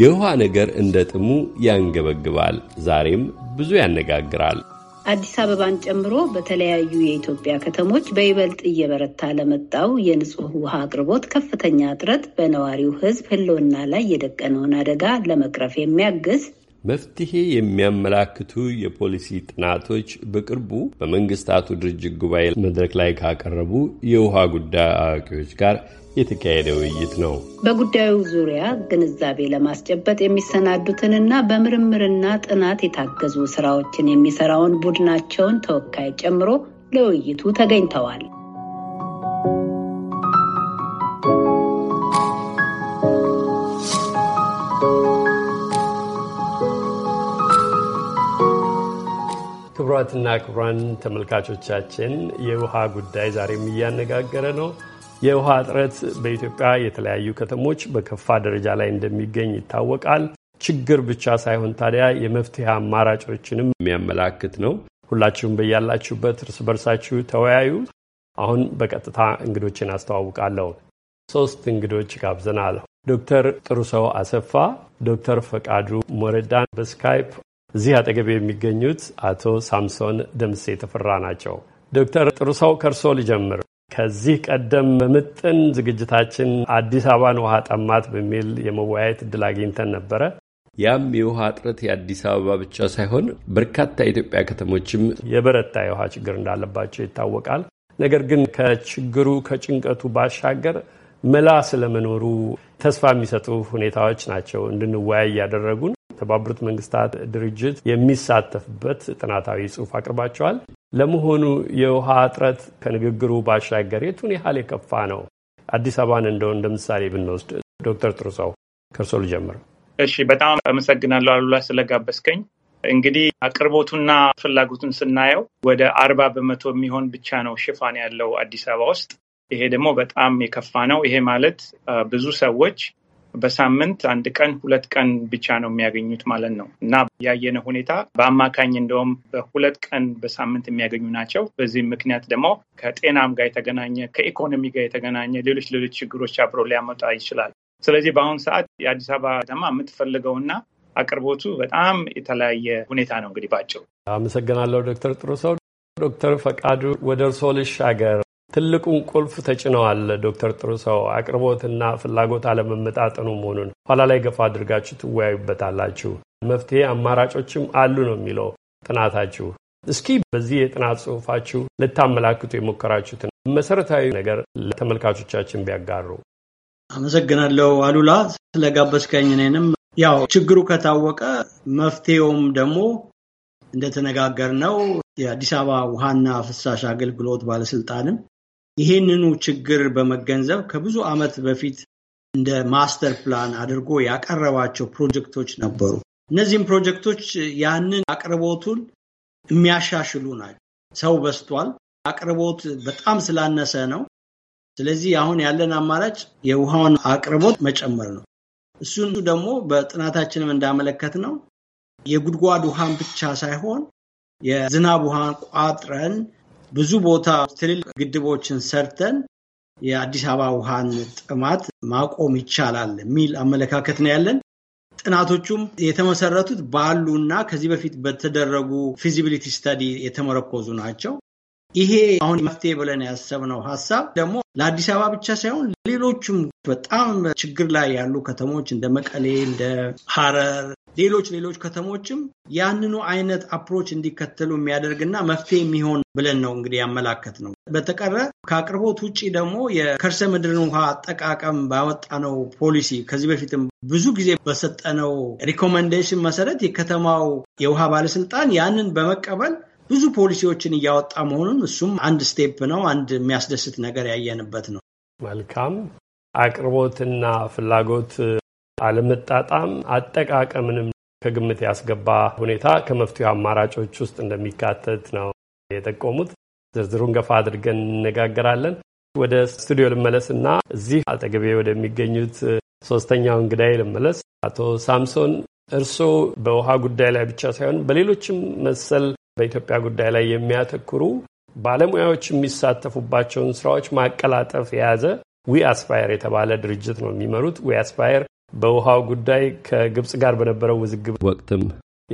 የውሃ ነገር እንደ ጥሙ ያንገበግባል። ዛሬም ብዙ ያነጋግራል። አዲስ አበባን ጨምሮ በተለያዩ የኢትዮጵያ ከተሞች በይበልጥ እየበረታ ለመጣው የንጹህ ውሃ አቅርቦት ከፍተኛ እጥረት በነዋሪው ሕዝብ ሕልውና ላይ የደቀነውን አደጋ ለመቅረፍ የሚያግዝ መፍትሄ የሚያመላክቱ የፖሊሲ ጥናቶች በቅርቡ በመንግስታቱ ድርጅት ጉባኤ መድረክ ላይ ካቀረቡ የውሃ ጉዳይ አዋቂዎች ጋር የተካሄደ ውይይት ነው። በጉዳዩ ዙሪያ ግንዛቤ ለማስጨበጥ የሚሰናዱትንና በምርምርና ጥናት የታገዙ ስራዎችን የሚሰራውን ቡድናቸውን ተወካይ ጨምሮ ለውይይቱ ተገኝተዋል። ክቡራትና ክቡራን ተመልካቾቻችን የውሃ ጉዳይ ዛሬም እያነጋገረ ነው። የውሃ እጥረት በኢትዮጵያ የተለያዩ ከተሞች በከፋ ደረጃ ላይ እንደሚገኝ ይታወቃል። ችግር ብቻ ሳይሆን ታዲያ የመፍትሄ አማራጮችንም የሚያመላክት ነው። ሁላችሁም በያላችሁበት እርስ በርሳችሁ ተወያዩ። አሁን በቀጥታ እንግዶችን አስተዋውቃለሁ። ሶስት እንግዶች ጋብዘናል። ዶክተር ጥሩሰው አሰፋ፣ ዶክተር ፈቃዱ ሞረዳን በስካይፕ እዚህ አጠገብ የሚገኙት አቶ ሳምሶን ደምሴ የተፈራ ናቸው። ዶክተር ጥሩሰው ሰው ከእርሶ ልጀምር። ከዚህ ቀደም በምጥን ዝግጅታችን አዲስ አበባን ውሃ ጠማት በሚል የመወያየት እድል አግኝተን ነበረ። ያም የውሃ እጥረት የአዲስ አበባ ብቻ ሳይሆን በርካታ የኢትዮጵያ ከተሞችም የበረታ የውሃ ችግር እንዳለባቸው ይታወቃል። ነገር ግን ከችግሩ ከጭንቀቱ ባሻገር መላ ስለመኖሩ ተስፋ የሚሰጡ ሁኔታዎች ናቸው እንድንወያይ ያደረጉን። የተባበሩት መንግስታት ድርጅት የሚሳተፍበት ጥናታዊ ጽሁፍ አቅርባቸዋል። ለመሆኑ የውሃ እጥረት ከንግግሩ ባሻገር የቱን ያህል የከፋ ነው? አዲስ አበባን እንደው እንደ ምሳሌ ብንወስድ። ዶክተር ጥሩሰው ከእርሶ ልጀምር። እሺ፣ በጣም አመሰግናለሁ አሉላ ስለጋበዝከኝ። እንግዲህ አቅርቦቱና ፍላጎቱን ስናየው ወደ አርባ በመቶ የሚሆን ብቻ ነው ሽፋን ያለው አዲስ አበባ ውስጥ። ይሄ ደግሞ በጣም የከፋ ነው። ይሄ ማለት ብዙ ሰዎች በሳምንት አንድ ቀን ሁለት ቀን ብቻ ነው የሚያገኙት ማለት ነው እና ያየነ ሁኔታ በአማካኝ እንደውም በሁለት ቀን በሳምንት የሚያገኙ ናቸው። በዚህ ምክንያት ደግሞ ከጤናም ጋር የተገናኘ ከኢኮኖሚ ጋር የተገናኘ ሌሎች ሌሎች ችግሮች አብሮ ሊያመጣ ይችላል። ስለዚህ በአሁኑ ሰዓት የአዲስ አበባ ከተማ የምትፈልገውና አቅርቦቱ በጣም የተለያየ ሁኔታ ነው። እንግዲህ ባጭሩ አመሰግናለሁ ዶክተር ጥሩ ሰው። ዶክተር ፈቃዱ ወደ እርስዎ ልሻገር። ትልቁን ቁልፍ ተጭነዋል ዶክተር ጥሩሰው አቅርቦትና ፍላጎት አለመመጣጠኑ መሆኑን ኋላ ላይ ገፋ አድርጋችሁ ትወያዩበታላችሁ። መፍትሄ አማራጮችም አሉ ነው የሚለው ጥናታችሁ። እስኪ በዚህ የጥናት ጽሁፋችሁ ልታመላክቱ የሞከራችሁትን መሰረታዊ ነገር ለተመልካቾቻችን ቢያጋሩ። አመሰግናለሁ አሉላ ስለጋበዝከኝ። እኔንም ያው ችግሩ ከታወቀ መፍትሄውም ደግሞ እንደተነጋገርነው የአዲስ አበባ ውሃና ፍሳሽ አገልግሎት ባለስልጣንም ይህንኑ ችግር በመገንዘብ ከብዙ ዓመት በፊት እንደ ማስተር ፕላን አድርጎ ያቀረባቸው ፕሮጀክቶች ነበሩ። እነዚህም ፕሮጀክቶች ያንን አቅርቦቱን የሚያሻሽሉ ናቸው። ሰው በስቷል፣ አቅርቦት በጣም ስላነሰ ነው። ስለዚህ አሁን ያለን አማራጭ የውሃውን አቅርቦት መጨመር ነው። እሱን ደግሞ በጥናታችንም እንዳመለከት ነው የጉድጓድ ውሃን ብቻ ሳይሆን የዝናብ ውሃን ቋጥረን ብዙ ቦታ ትልልቅ ግድቦችን ሰርተን የአዲስ አበባ ውሃን ጥማት ማቆም ይቻላል የሚል አመለካከት ነው ያለን። ጥናቶቹም የተመሰረቱት ባሉና ከዚህ በፊት በተደረጉ ፊዚቢሊቲ ስተዲ የተመረኮዙ ናቸው። ይሄ አሁን መፍትሄ ብለን ያሰብነው ሀሳብ ደግሞ ለአዲስ አበባ ብቻ ሳይሆን ሌሎችም በጣም ችግር ላይ ያሉ ከተሞች እንደ መቀሌ፣ እንደ ሀረር ሌሎች ሌሎች ከተሞችም ያንኑ አይነት አፕሮች እንዲከተሉ የሚያደርግና መፍትሄ የሚሆን ብለን ነው እንግዲህ ያመላከት ነው። በተቀረ ከአቅርቦት ውጭ ደግሞ የከርሰ ምድርን ውሃ አጠቃቀም ባወጣነው ፖሊሲ ከዚህ በፊትም ብዙ ጊዜ በሰጠነው ሪኮመንዴሽን መሰረት የከተማው የውሃ ባለስልጣን ያንን በመቀበል ብዙ ፖሊሲዎችን እያወጣ መሆኑን እሱም አንድ ስቴፕ ነው፣ አንድ የሚያስደስት ነገር ያየንበት ነው። መልካም አቅርቦትና ፍላጎት አለመጣጣም አጠቃቀምንም ከግምት ያስገባ ሁኔታ ከመፍትሄ አማራጮች ውስጥ እንደሚካተት ነው የጠቆሙት። ዝርዝሩን ገፋ አድርገን እንነጋገራለን። ወደ ስቱዲዮ ልመለስና እዚህ አጠገቤ ወደሚገኙት ሶስተኛው እንግዳይ ልመለስ። አቶ ሳምሶን እርስዎ በውሃ ጉዳይ ላይ ብቻ ሳይሆን በሌሎችም መሰል በኢትዮጵያ ጉዳይ ላይ የሚያተኩሩ ባለሙያዎች የሚሳተፉባቸውን ስራዎች ማቀላጠፍ የያዘ ዊ አስፓየር የተባለ ድርጅት ነው የሚመሩት። ዊ አስፓየር በውሃው ጉዳይ ከግብፅ ጋር በነበረው ውዝግብ ወቅትም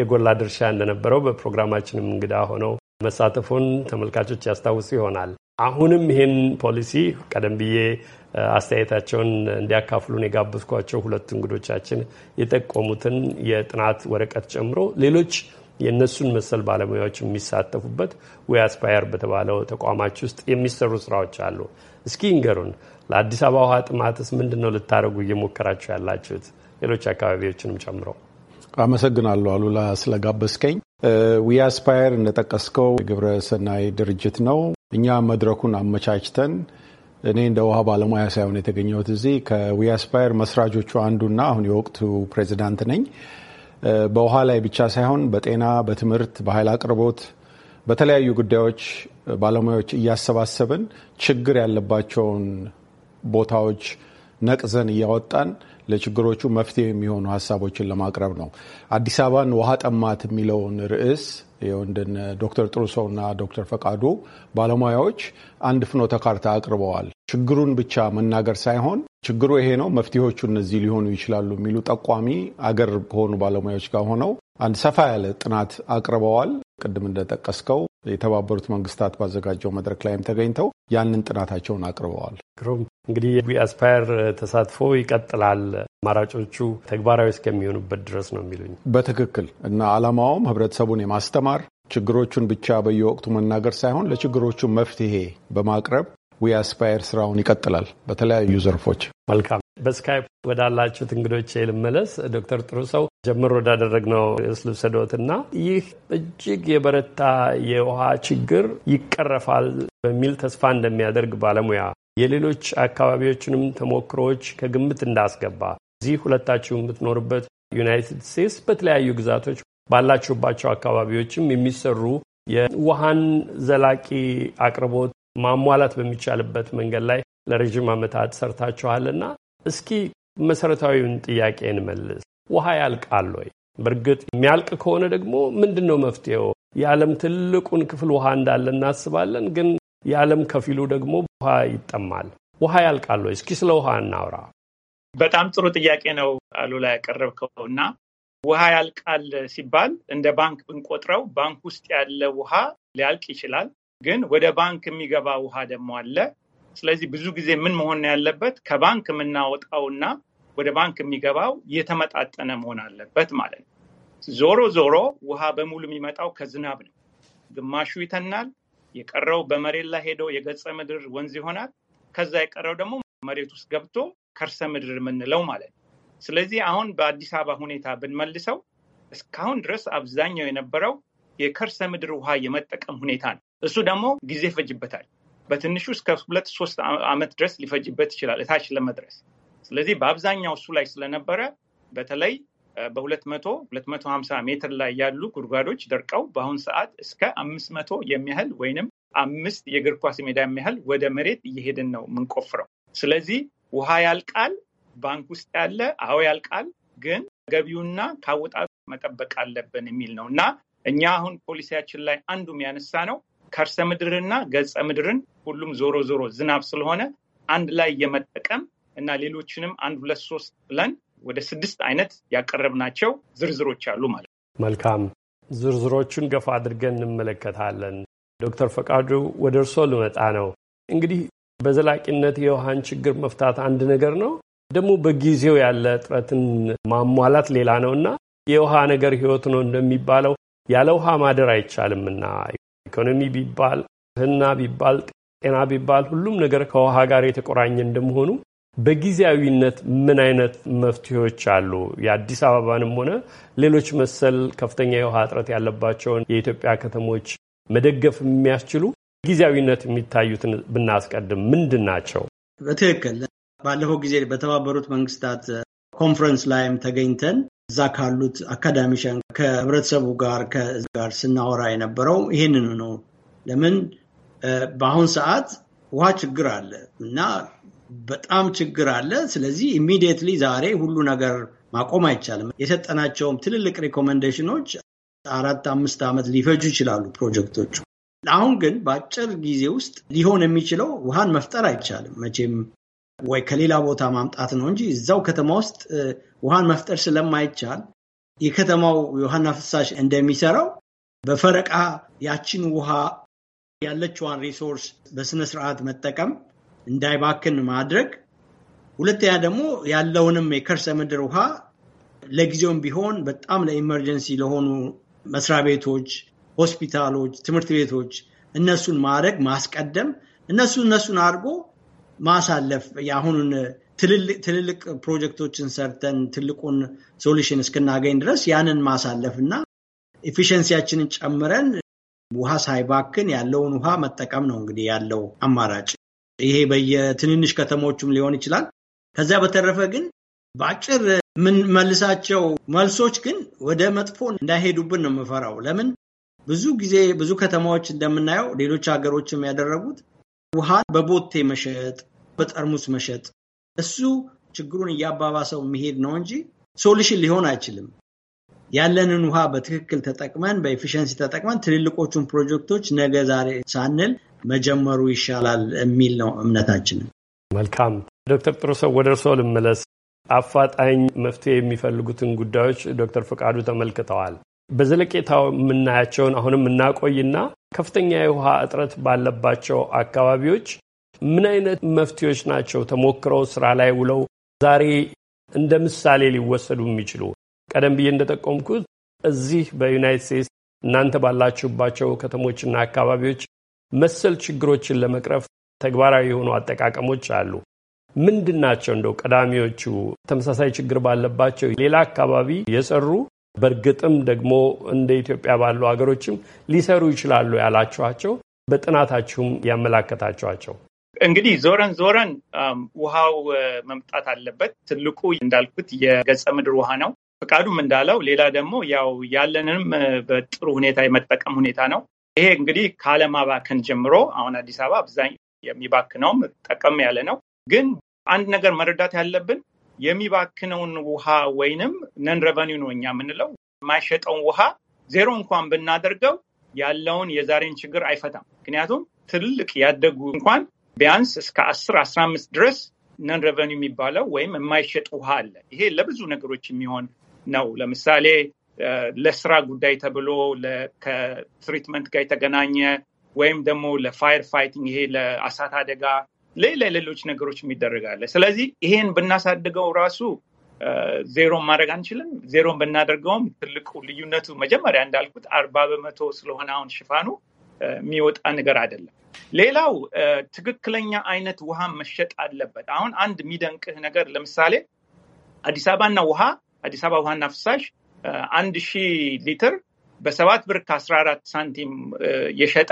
የጎላ ድርሻ እንደነበረው በፕሮግራማችንም እንግዳ ሆነው መሳተፉን ተመልካቾች ያስታውሱ ይሆናል። አሁንም ይህን ፖሊሲ ቀደም ብዬ አስተያየታቸውን እንዲያካፍሉን የጋበዝኳቸው ሁለቱ እንግዶቻችን የጠቆሙትን የጥናት ወረቀት ጨምሮ ሌሎች የእነሱን መሰል ባለሙያዎች የሚሳተፉበት ዊያስፓየር በተባለው ተቋማች ውስጥ የሚሰሩ ስራዎች አሉ። እስኪ እንገሩን፣ ለአዲስ አበባ ውሃ ጥማትስ ምንድን ነው ልታደርጉ እየሞከራችሁ ያላችሁት? ሌሎች አካባቢዎችንም ጨምሮ። አመሰግናለሁ አሉላ ስለጋበዝከኝ። ዊያስፓየር እንደጠቀስከው ግብረ ሰናይ ድርጅት ነው። እኛ መድረኩን አመቻችተን እኔ እንደ ውሃ ባለሙያ ሳይሆን የተገኘሁት እዚህ ከዊያስፓየር መስራቾቹ አንዱና አሁን የወቅቱ ፕሬዚዳንት ነኝ። በውሃ ላይ ብቻ ሳይሆን በጤና፣ በትምህርት፣ በኃይል አቅርቦት በተለያዩ ጉዳዮች ባለሙያዎች እያሰባሰብን ችግር ያለባቸውን ቦታዎች ነቅዘን እያወጣን ለችግሮቹ መፍትሄ የሚሆኑ ሀሳቦችን ለማቅረብ ነው። አዲስ አበባን ውሃ ጠማት የሚለውን ርዕስ የወንድን ዶክተር እና ዶክተር ፈቃዱ ባለሙያዎች አንድ ፍኖተ ካርታ አቅርበዋል። ችግሩን ብቻ መናገር ሳይሆን ችግሩ ይሄ ነው፣ መፍትሄዎቹ እነዚህ ሊሆኑ ይችላሉ የሚሉ ጠቋሚ አገር ከሆኑ ባለሙያዎች ጋር ሆነው አንድ ሰፋ ያለ ጥናት አቅርበዋል። ቅድም እንደጠቀስከው የተባበሩት መንግስታት ባዘጋጀው መድረክ ላይም ተገኝተው ያንን ጥናታቸውን አቅርበዋል። ግሩም እንግዲህ አስፓየር ተሳትፎ ይቀጥላል። አማራጮቹ ተግባራዊ እስከሚሆኑበት ድረስ ነው የሚሉኝ። በትክክል እና አላማውም ህብረተሰቡን የማስተማር ችግሮቹን ብቻ በየወቅቱ መናገር ሳይሆን ለችግሮቹ መፍትሄ በማቅረብ ዊ ስራውን ይቀጥላል በተለያዩ ዘርፎች። መልካም። በስካይፕ ወዳላችሁት እንግዶች ልመለስ። ዶክተር ጥሩ ሰው ጀምሮ ወዳደረግነው እና ይህ እጅግ የበረታ የውሃ ችግር ይቀረፋል በሚል ተስፋ እንደሚያደርግ ባለሙያ የሌሎች አካባቢዎችንም ተሞክሮዎች ከግምት እንዳስገባ እዚህ ሁለታችሁ የምትኖርበት ዩናይትድ ስቴትስ በተለያዩ ግዛቶች ባላችሁባቸው አካባቢዎችም የሚሰሩ የውሃን ዘላቂ አቅርቦት ማሟላት በሚቻልበት መንገድ ላይ ለረዥም ዓመታት ሰርታችኋልና እስኪ መሰረታዊውን ጥያቄ እንመልስ። ውሃ ያልቃል ወይ? በእርግጥ የሚያልቅ ከሆነ ደግሞ ምንድን ነው መፍትሄው? የዓለም ትልቁን ክፍል ውሃ እንዳለ እናስባለን፣ ግን የዓለም ከፊሉ ደግሞ ውሃ ይጠማል። ውሃ ያልቃል ወይ? እስኪ ስለ ውሃ እናውራ። በጣም ጥሩ ጥያቄ ነው አሉላ ያቀረብከው እና ውሃ ያልቃል ሲባል እንደ ባንክ ብንቆጥረው ባንክ ውስጥ ያለ ውሃ ሊያልቅ ይችላል። ግን ወደ ባንክ የሚገባ ውሃ ደግሞ አለ። ስለዚህ ብዙ ጊዜ ምን መሆን ያለበት ከባንክ የምናወጣውና ወደ ባንክ የሚገባው የተመጣጠነ መሆን አለበት ማለት ነው። ዞሮ ዞሮ ውሃ በሙሉ የሚመጣው ከዝናብ ነው። ግማሹ ይተናል፣ የቀረው በመሬት ላይ ሄዶ የገጸ ምድር ወንዝ ይሆናል። ከዛ የቀረው ደግሞ መሬት ውስጥ ገብቶ ከርሰ ምድር የምንለው ማለት ነው። ስለዚህ አሁን በአዲስ አበባ ሁኔታ ብንመልሰው እስካሁን ድረስ አብዛኛው የነበረው የከርሰ ምድር ውሃ የመጠቀም ሁኔታ ነው። እሱ ደግሞ ጊዜ ይፈጅበታል። በትንሹ እስከ ሁለት ሶስት ዓመት ድረስ ሊፈጅበት ይችላል እታች ለመድረስ። ስለዚህ በአብዛኛው እሱ ላይ ስለነበረ በተለይ በሁለት መቶ ሁለት መቶ ሀምሳ ሜትር ላይ ያሉ ጉድጓዶች ደርቀው በአሁን ሰዓት እስከ አምስት መቶ የሚያህል ወይንም አምስት የእግር ኳስ ሜዳ የሚያህል ወደ መሬት እየሄድን ነው የምንቆፍረው። ስለዚህ ውሃ ያልቃል፣ ባንክ ውስጥ ያለ አዎ ያልቃል፣ ግን ገቢውና ካወጣ መጠበቅ አለብን የሚል ነው እና እኛ አሁን ፖሊሲያችን ላይ አንዱ የሚያነሳ ነው ከርሰ ምድርና ገጸ ምድርን ሁሉም ዞሮ ዞሮ ዝናብ ስለሆነ አንድ ላይ የመጠቀም እና ሌሎችንም አንድ ሁለት ሶስት ብለን ወደ ስድስት አይነት ያቀረብናቸው ዝርዝሮች አሉ ማለት ነው። መልካም ዝርዝሮቹን ገፋ አድርገን እንመለከታለን። ዶክተር ፈቃዱ ወደ እርሶ ልመጣ ነው። እንግዲህ በዘላቂነት የውሃን ችግር መፍታት አንድ ነገር ነው፣ ደግሞ በጊዜው ያለ እጥረትን ማሟላት ሌላ ነው እና የውሃ ነገር ህይወት ነው እንደሚባለው ያለ ውሃ ማደር አይቻልምና ኢኮኖሚ ቢባል፣ ህና ቢባል፣ ጤና ቢባል ሁሉም ነገር ከውሃ ጋር የተቆራኘ እንደመሆኑ በጊዜያዊነት ምን አይነት መፍትሄዎች አሉ? የአዲስ አበባንም ሆነ ሌሎች መሰል ከፍተኛ የውሃ እጥረት ያለባቸውን የኢትዮጵያ ከተሞች መደገፍ የሚያስችሉ ጊዜያዊነት የሚታዩትን ብናስቀድም ምንድን ናቸው? በትክክል ባለፈው ጊዜ በተባበሩት መንግስታት ኮንፈረንስ ላይም ተገኝተን እዛ ካሉት አካዳሚሽን ከህብረተሰቡ ጋር ጋር ስናወራ የነበረው ይህንኑ ነው። ለምን በአሁን ሰዓት ውሃ ችግር አለ እና በጣም ችግር አለ። ስለዚህ ኢሚዲየትሊ ዛሬ ሁሉ ነገር ማቆም አይቻልም። የሰጠናቸውም ትልልቅ ሪኮመንዴሽኖች አራት አምስት ዓመት ሊፈጁ ይችላሉ ፕሮጀክቶቹ። አሁን ግን በአጭር ጊዜ ውስጥ ሊሆን የሚችለው ውሃን መፍጠር አይቻልም መቼም ወይ ከሌላ ቦታ ማምጣት ነው እንጂ እዛው ከተማ ውስጥ ውሃን መፍጠር ስለማይቻል የከተማው የውሃና ፍሳሽ እንደሚሰራው በፈረቃ ያችን ውሃ ያለችዋን ሪሶርስ በስነ ስርዓት መጠቀም እንዳይባክን ማድረግ፣ ሁለተኛ ደግሞ ያለውንም የከርሰ ምድር ውሃ ለጊዜውም ቢሆን በጣም ለኢመርጀንሲ ለሆኑ መስሪያ ቤቶች፣ ሆስፒታሎች፣ ትምህርት ቤቶች እነሱን ማድረግ ማስቀደም እነሱ እነሱን አድርጎ ማሳለፍ የአሁኑን ትልልቅ ፕሮጀክቶችን ሰርተን ትልቁን ሶሉሽን እስክናገኝ ድረስ ያንን ማሳለፍ እና ኤፊሽንሲያችንን ጨምረን ውሃ ሳይባክን ያለውን ውሃ መጠቀም ነው እንግዲህ ያለው አማራጭ። ይሄ በየትንንሽ ከተሞችም ሊሆን ይችላል። ከዚያ በተረፈ ግን በአጭር የምንመልሳቸው መልሶች ግን ወደ መጥፎ እንዳይሄዱብን ነው የምፈራው። ለምን ብዙ ጊዜ ብዙ ከተማዎች እንደምናየው ሌሎች ሀገሮችም ያደረጉት ውሃ በቦቴ መሸጥ በጠርሙስ መሸጥ እሱ ችግሩን እያባባሰው መሄድ ነው እንጂ ሶሉሽን ሊሆን አይችልም። ያለንን ውሃ በትክክል ተጠቅመን በኤፊሸንሲ ተጠቅመን ትልልቆቹን ፕሮጀክቶች ነገ ዛሬ ሳንል መጀመሩ ይሻላል የሚል ነው እምነታችን። መልካም ዶክተር ጥሩሰው ወደ እርስዎ ልመለስ። አፋጣኝ መፍትሄ የሚፈልጉትን ጉዳዮች ዶክተር ፈቃዱ ተመልክተዋል። በዘለቄታው የምናያቸውን አሁንም እናቆይና ከፍተኛ የውሃ እጥረት ባለባቸው አካባቢዎች ምን አይነት መፍትሄዎች ናቸው ተሞክረው ስራ ላይ ውለው ዛሬ እንደ ምሳሌ ሊወሰዱ የሚችሉ? ቀደም ብዬ እንደጠቆምኩት እዚህ በዩናይት ስቴትስ እናንተ ባላችሁባቸው ከተሞችና አካባቢዎች መሰል ችግሮችን ለመቅረፍ ተግባራዊ የሆኑ አጠቃቀሞች አሉ። ምንድን ናቸው እንደው ቀዳሚዎቹ ተመሳሳይ ችግር ባለባቸው ሌላ አካባቢ የሰሩ በእርግጥም ደግሞ እንደ ኢትዮጵያ ባሉ ሀገሮችም ሊሰሩ ይችላሉ ያላችኋቸው በጥናታችሁም ያመላከታችኋቸው? እንግዲህ ዞረን ዞረን ውሃው መምጣት አለበት። ትልቁ እንዳልኩት የገጸ ምድር ውሃ ነው ፈቃዱም እንዳለው፣ ሌላ ደግሞ ያው ያለንም በጥሩ ሁኔታ የመጠቀም ሁኔታ ነው። ይሄ እንግዲህ ካለማባከን ጀምሮ አሁን አዲስ አበባ አብዛኛው የሚባክነውም ጠቀም ያለ ነው። ግን አንድ ነገር መረዳት ያለብን የሚባክነውን ውሃ ወይንም ነን ረቨኒው ነው እኛ የምንለው የማይሸጠውን ውሃ ዜሮ እንኳን ብናደርገው ያለውን የዛሬን ችግር አይፈታም። ምክንያቱም ትልቅ ያደጉ እንኳን ቢያንስ እስከ አስር አስራ አምስት ድረስ ነን ረቨኒ የሚባለው ወይም የማይሸጥ ውሃ አለ። ይሄ ለብዙ ነገሮች የሚሆን ነው። ለምሳሌ ለስራ ጉዳይ ተብሎ ከትሪትመንት ጋር የተገናኘ ወይም ደግሞ ለፋየር ፋይቲንግ ይሄ ለእሳት አደጋ ሌላ ሌሎች ነገሮች የሚደረጋለ። ስለዚህ ይሄን ብናሳድገው ራሱ ዜሮን ማድረግ አንችልም። ዜሮን ብናደርገውም ትልቁ ልዩነቱ መጀመሪያ እንዳልኩት አርባ በመቶ ስለሆነ አሁን ሽፋኑ የሚወጣ ነገር አይደለም። ሌላው ትክክለኛ አይነት ውሃ መሸጥ አለበት። አሁን አንድ የሚደንቅህ ነገር ለምሳሌ አዲስ አበባና ውሃ አዲስ አበባ ውሃና ፍሳሽ አንድ ሺህ ሊትር በሰባት ብር ከአስራ አራት ሳንቲም የሸጠ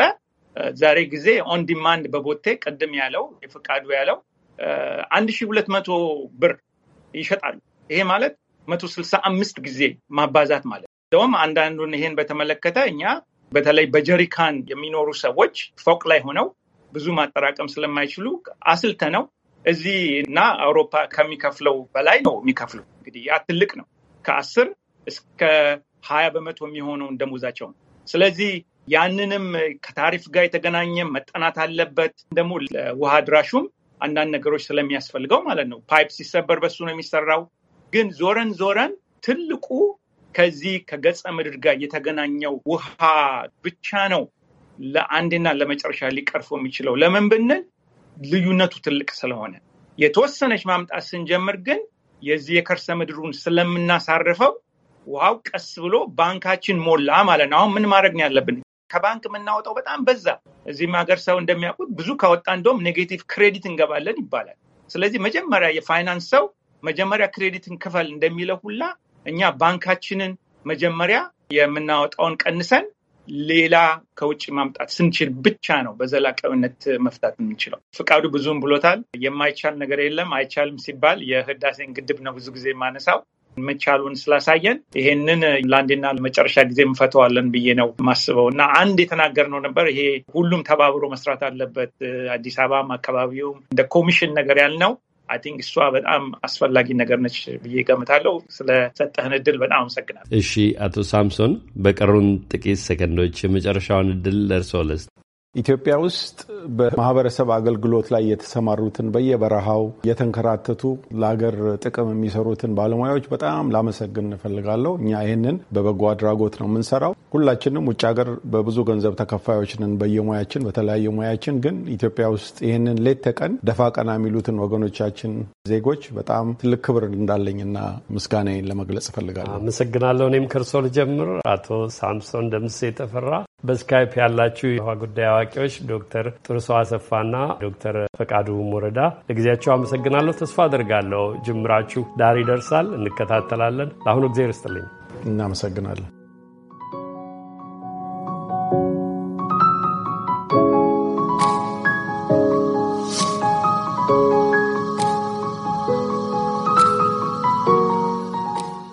ዛሬ ጊዜ ኦን ዲማንድ በቦቴ ቅድም ያለው የፍቃዱ ያለው አንድ ሺህ ሁለት መቶ ብር ይሸጣሉ። ይሄ ማለት መቶ ስልሳ አምስት ጊዜ ማባዛት ማለት እንደውም አንዳንዱን ይሄን በተመለከተ እኛ በተለይ በጀሪካን የሚኖሩ ሰዎች ፎቅ ላይ ሆነው ብዙ ማጠራቀም ስለማይችሉ አስልተ ነው እዚህ እና አውሮፓ ከሚከፍለው በላይ ነው የሚከፍሉ። እንግዲህ ያ ትልቅ ነው። ከአስር እስከ ሀያ በመቶ የሚሆነውን ደሞዛቸው ነው። ስለዚህ ያንንም ከታሪፍ ጋር የተገናኘ መጠናት አለበት። ደግሞ ለውሃ ድራሹም አንዳንድ ነገሮች ስለሚያስፈልገው ማለት ነው። ፓይፕ ሲሰበር በሱ ነው የሚሰራው። ግን ዞረን ዞረን ትልቁ ከዚህ ከገጸ ምድር ጋር የተገናኘው ውሃ ብቻ ነው ለአንድና ለመጨረሻ ሊቀርፎ የሚችለው። ለምን ብንል ልዩነቱ ትልቅ ስለሆነ የተወሰነች ማምጣት ስንጀምር ግን የዚህ የከርሰ ምድሩን ስለምናሳርፈው ውሃው ቀስ ብሎ ባንካችን ሞላ ማለት ነው። አሁን ምን ማድረግ ነው ያለብን? ከባንክ የምናወጣው በጣም በዛ። እዚህም ሀገር ሰው እንደሚያውቁት ብዙ ካወጣ እንደውም ኔጌቲቭ ክሬዲት እንገባለን ይባላል። ስለዚህ መጀመሪያ የፋይናንስ ሰው መጀመሪያ ክሬዲትን ክፈል እንደሚለው ሁላ እኛ ባንካችንን መጀመሪያ የምናወጣውን ቀንሰን ሌላ ከውጭ ማምጣት ስንችል ብቻ ነው በዘላቂነት መፍታት የምንችለው። ፍቃዱ ብዙም ብሎታል። የማይቻል ነገር የለም። አይቻልም ሲባል የህዳሴን ግድብ ነው ብዙ ጊዜ የማነሳው። መቻሉን ስላሳየን ይሄንን ለአንዴና ለመጨረሻ ጊዜ እንፈተዋለን ብዬ ነው ማስበው እና አንድ የተናገርነው ነበር። ይሄ ሁሉም ተባብሮ መስራት አለበት። አዲስ አበባም አካባቢውም እንደ ኮሚሽን ነገር ያልነው አይ ቲንክ እሷ በጣም አስፈላጊ ነገር ነች ብዬ ገምታለሁ። ስለሰጠህን እድል በጣም አመሰግናል። እሺ አቶ ሳምሶን በቀሩን ጥቂት ሰከንዶች የመጨረሻውን እድል ለእርሶ ልስጥ። ኢትዮጵያ ውስጥ በማህበረሰብ አገልግሎት ላይ የተሰማሩትን በየበረሃው የተንከራተቱ ለሀገር ጥቅም የሚሰሩትን ባለሙያዎች በጣም ላመሰግን እንፈልጋለሁ። እኛ ይህንን በበጎ አድራጎት ነው የምንሰራው። ሁላችንም ውጭ ሀገር በብዙ ገንዘብ ተከፋዮች በየሙያችን በተለያየ ሙያችን። ግን ኢትዮጵያ ውስጥ ይህንን ሌት ተቀን ደፋ ቀና የሚሉትን ወገኖቻችን ዜጎች በጣም ትልቅ ክብር እንዳለኝና ምስጋናዬን ለመግለጽ እፈልጋለሁ። አመሰግናለሁ። እኔም ከእርሶ ልጀምር። አቶ ሳምሶን ደምስ የተፈራ በስካይፕ ያላችሁ የውሃ ጉዳይ አዋቂዎች ዶክተር ጥርሶ አሰፋና ዶክተር ፈቃዱ ሞረዳ ለጊዜያቸው አመሰግናለሁ። ተስፋ አድርጋለሁ ጅምራችሁ ዳር ይደርሳል፣ እንከታተላለን። ለአሁኑ ጊዜ ይርስጥልኝ። እናመሰግናለን። Thank you.